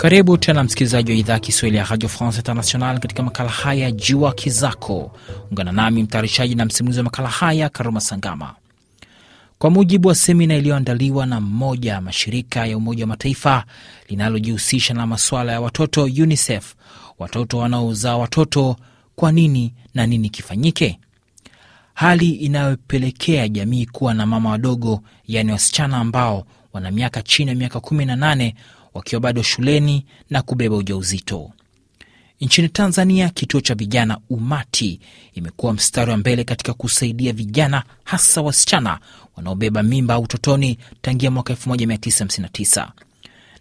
Karibu tena msikilizaji wa idhaa ya Kiswahili ya Radio France International katika makala haya Jua Kizako. Ungana nami mtayarishaji na msimulizi wa makala haya Karuma Sangama. Kwa mujibu wa semina iliyoandaliwa na mmoja ya mashirika ya Umoja wa Mataifa linalojihusisha na masuala ya watoto UNICEF, watoto wanaozaa watoto, kwa nini na nini kifanyike, hali inayopelekea jamii kuwa na mama wadogo, yaani wasichana ambao wana miaka chini ya miaka kumi na nane wakiwa bado shuleni na kubeba ujauzito. Nchini Tanzania, kituo cha vijana Umati imekuwa mstari wa mbele katika kusaidia vijana hasa wasichana wanaobeba mimba au utotoni tangia mwaka 1959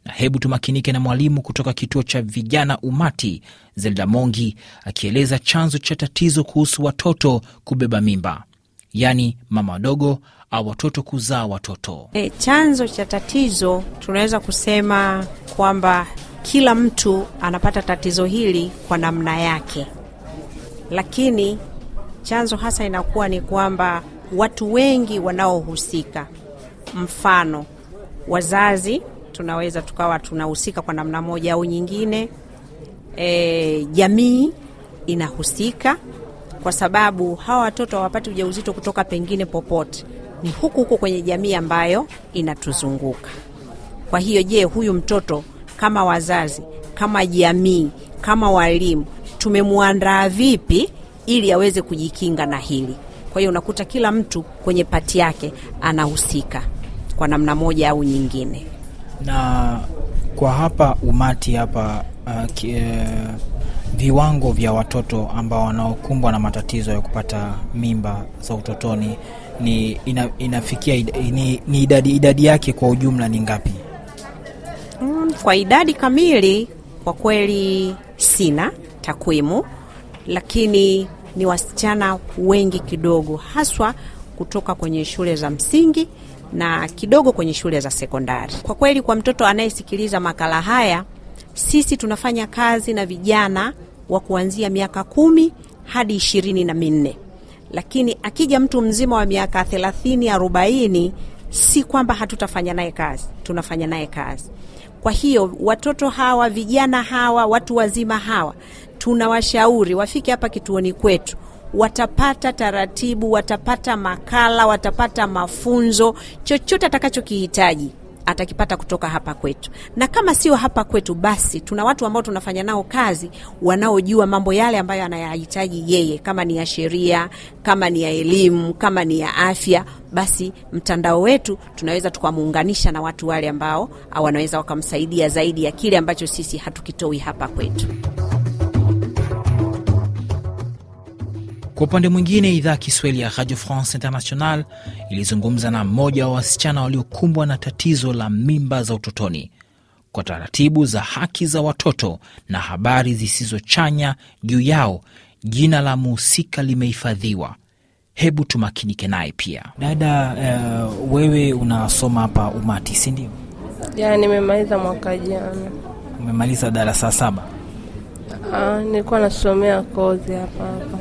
na hebu tumakinike na mwalimu kutoka kituo cha vijana Umati, Zelda Mongi, akieleza chanzo cha tatizo kuhusu watoto kubeba mimba yaani mama wadogo au watoto kuzaa watoto. E, chanzo cha tatizo tunaweza kusema kwamba kila mtu anapata tatizo hili kwa namna yake, lakini chanzo hasa inakuwa ni kwamba watu wengi wanaohusika, mfano wazazi tunaweza tukawa tunahusika kwa namna moja au nyingine. E, jamii inahusika, kwa sababu hawa watoto hawapati ujauzito kutoka pengine popote, ni huku huku kwenye jamii ambayo inatuzunguka. Kwa hiyo, je, huyu mtoto kama wazazi, kama jamii, kama walimu tumemwandaa vipi ili aweze kujikinga na hili? Kwa hiyo unakuta kila mtu kwenye pati yake anahusika kwa namna moja au nyingine. Na kwa hapa umati hapa uh, uh viwango vya watoto ambao wanaokumbwa na matatizo ya kupata mimba za utotoni ni ina, inafikia ni, ni idadi, idadi yake kwa ujumla ni ngapi? Mm, kwa idadi kamili kwa kweli sina takwimu, lakini ni wasichana wengi kidogo, haswa kutoka kwenye shule za msingi na kidogo kwenye shule za sekondari. Kwa kweli, kwa mtoto anayesikiliza makala haya, sisi tunafanya kazi na vijana wa kuanzia miaka kumi hadi ishirini na minne lakini akija mtu mzima wa miaka thelathini arobaini si kwamba hatutafanya naye kazi, tunafanya naye kazi. Kwa hiyo watoto hawa, vijana hawa, watu wazima hawa, tunawashauri wafike hapa kituoni kwetu, watapata taratibu, watapata makala, watapata mafunzo, chochote atakachokihitaji atakipata kutoka hapa kwetu, na kama sio hapa kwetu, basi tuna watu ambao tunafanya nao kazi wanaojua mambo yale ambayo anayahitaji yeye, kama ni ya sheria, kama ni ya elimu, kama ni ya afya, basi mtandao wetu tunaweza tukamuunganisha na watu wale ambao wanaweza wakamsaidia zaidi ya kile ambacho sisi hatukitoi hapa kwetu. Kwa upande mwingine, idhaa ya Kiswahili ya Radio France International ilizungumza na mmoja wa wasichana waliokumbwa na tatizo la mimba za utotoni kwa taratibu za haki za watoto na habari zisizochanya juu yao, jina la muhusika limehifadhiwa. Hebu tumakinike naye pia. Dada, uh, wewe unasoma hapa Umati, si ndio? Ya, nimemaliza mwaka jana. Umemaliza darasa saba? Ah, nilikuwa nasomea kozi hapa hapa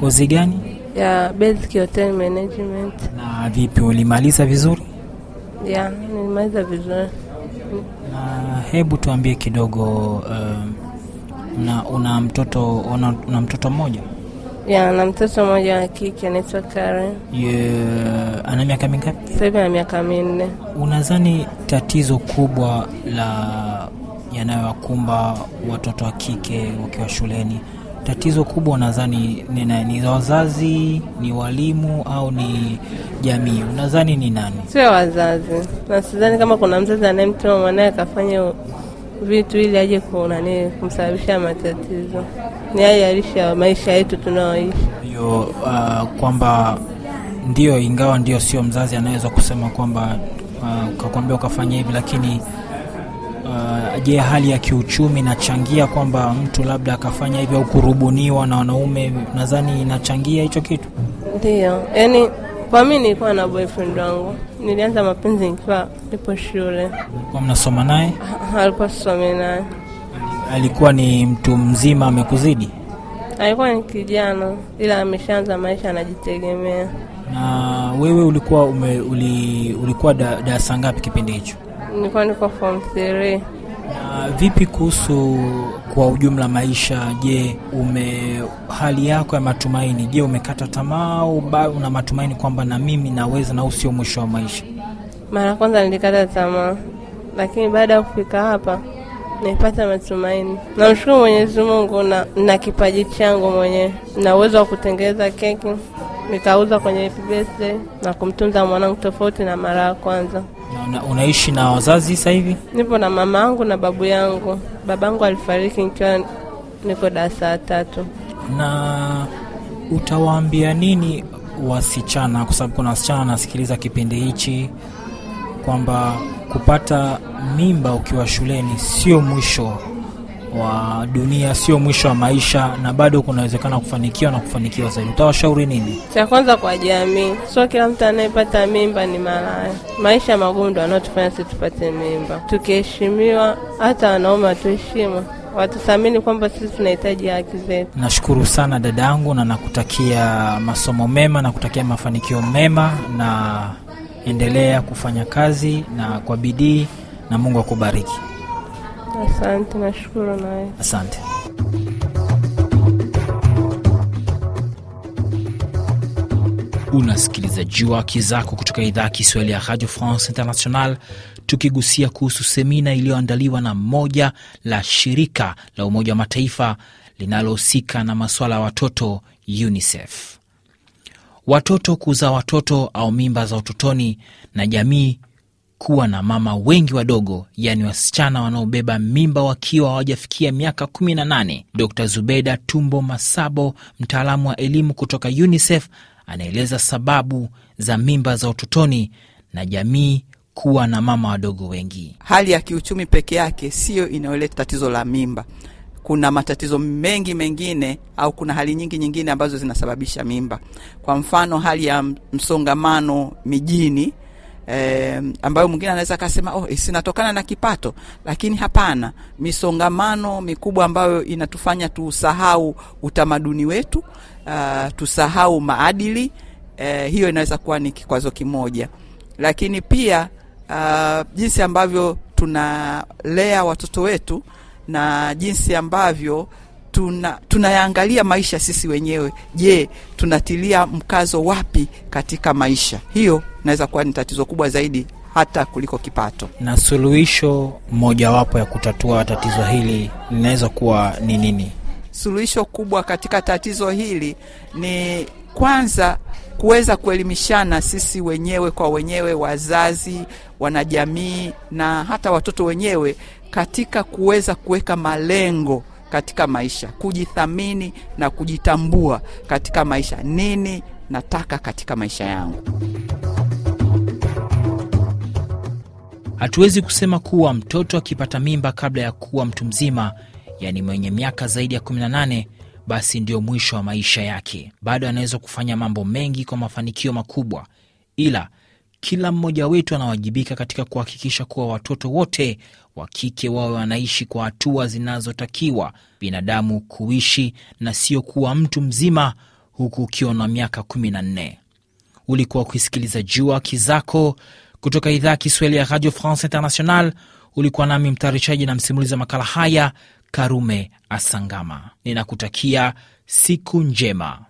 kozi gani? Ya basic hotel management. Na vipi, ulimaliza vizuri? Ya, nilimaliza vizuri. Na hebu tuambie kidogo uh, um, na una mtoto una, una mtoto mmoja? Ya, na mtoto mmoja wa kike anaitwa Karen. Yeah, ana miaka mingapi? Sasa hivi ana miaka minne. Unadhani tatizo kubwa la yanayowakumba watoto wa kike wakiwa shuleni Tatizo kubwa nadhani ni nani? Ni wazazi, ni walimu au ni jamii? Unadhani ni nani? Sio wazazi, na sidhani kama kuna mzazi anayemtuma mwanae akafanya vitu ili aje kunani kumsababisha matatizo. Ni hali halisi ya maisha yetu tunayoishi hiyo, uh, kwamba ndio, ingawa ndio sio mzazi anaweza kusema kwamba uh, ukafanya hivi, lakini je, hali ya kiuchumi inachangia kwamba mtu labda akafanya hivyo au kurubuniwa na wanaume? Nadhani inachangia hicho kitu. Ndio, yani kwa mimi nilikuwa na boyfriend wangu, nilianza mapenzi nikiwa nipo shule. Kwa mnasoma naye? Alikuwa tusome naye. Alikuwa ni mtu mzima amekuzidi? Alikuwa ni kijana, ila ameshaanza maisha, anajitegemea. Na wewe ulikuwa ume, uli, ulikuwa darasa da ngapi kipindi hicho? Nilikuwa niko form 3. Vipi kuhusu kwa ujumla maisha? Je, ume hali yako ya matumaini, je, umekata tamaa au una matumaini kwamba na mimi naweza na usio mwisho wa maisha? Mara kwanza nilikata tamaa, lakini baada ya kufika hapa naipata matumaini. Namshukuru Mwenyezi Mungu na, na kipaji changu mwenyewe na uwezo wa kutengeneza keki nikauza kwenye happy birthday na kumtunza mwanangu tofauti na mara ya kwanza. Una, unaishi na wazazi sasa hivi? Nipo na mama yangu na babu yangu. Babangu alifariki nikiwa niko darasa tatu. Na utawaambia nini wasichana, kwa sababu kuna wasichana nasikiliza kipindi hichi kwamba kupata mimba ukiwa shuleni sio mwisho wa dunia sio mwisho wa maisha, na bado kunawezekana kufanikiwa na kufanikiwa zaidi. Utawashauri nini? Cha kwanza kwa jamii, sio kila mtu anayepata mimba ni malaya. Maisha magumu ndo anaotufanya sisi tupate mimba. Tukiheshimiwa, hata wanaume watuheshimu watuthamini kwamba sisi tunahitaji haki zetu. Nashukuru sana dada yangu, na nakutakia masomo mema, nakutakia mafanikio mema, na endelea kufanya kazi na kwa bidii, na Mungu akubariki. Asante, nashukuru naye. Asante. Unasikiliza Jua kizako Zako kutoka idhaa ya Kiswahili ya Radio France International, tukigusia kuhusu semina iliyoandaliwa na moja la shirika la Umoja wa Mataifa linalohusika na masuala ya watoto UNICEF. Watoto kuzaa watoto au mimba za utotoni na jamii kuwa na mama wengi wadogo, yaani wasichana wanaobeba mimba wakiwa hawajafikia miaka 18. Dr Zubeda Tumbo Masabo, mtaalamu wa elimu kutoka UNICEF, anaeleza sababu za mimba za utotoni na jamii kuwa na mama wadogo wengi. Hali ya kiuchumi peke yake siyo inayoleta tatizo la mimba. Kuna matatizo mengi mengine au kuna hali nyingi nyingine ambazo zinasababisha mimba, kwa mfano hali ya msongamano mijini eh, ambayo mwingine anaweza akasema oh, sinatokana na kipato, lakini hapana. Misongamano mikubwa ambayo inatufanya tusahau utamaduni wetu, uh, tusahau maadili eh, hiyo inaweza kuwa ni kikwazo kimoja, lakini pia uh, jinsi ambavyo tunalea watoto wetu na jinsi ambavyo tuna tunayaangalia maisha sisi wenyewe. Je, tunatilia mkazo wapi katika maisha? Hiyo naweza kuwa ni tatizo kubwa zaidi hata kuliko kipato. Na suluhisho mojawapo ya kutatua tatizo hili linaweza kuwa ni nini? Suluhisho kubwa katika tatizo hili ni kwanza kuweza kuelimishana sisi wenyewe kwa wenyewe, wazazi, wanajamii na hata watoto wenyewe katika kuweza kuweka malengo katika maisha, kujithamini na kujitambua katika maisha. Nini nataka katika maisha yangu? Hatuwezi kusema kuwa mtoto akipata mimba kabla ya kuwa mtu mzima, yaani mwenye miaka zaidi ya 18, basi ndiyo mwisho wa maisha yake. Bado anaweza kufanya mambo mengi kwa mafanikio makubwa, ila kila mmoja wetu anawajibika katika kuhakikisha kuwa watoto wote wa kike wawe wanaishi kwa hatua zinazotakiwa binadamu kuishi na sio kuwa mtu mzima huku ukiwa na miaka 14. Ulikuwa ukisikiliza Jua Kizako kutoka idhaa ya Kiswahili ya Radio France International. Ulikuwa nami mtayarishaji na msimulizi wa makala haya Karume Asangama. Ninakutakia siku njema.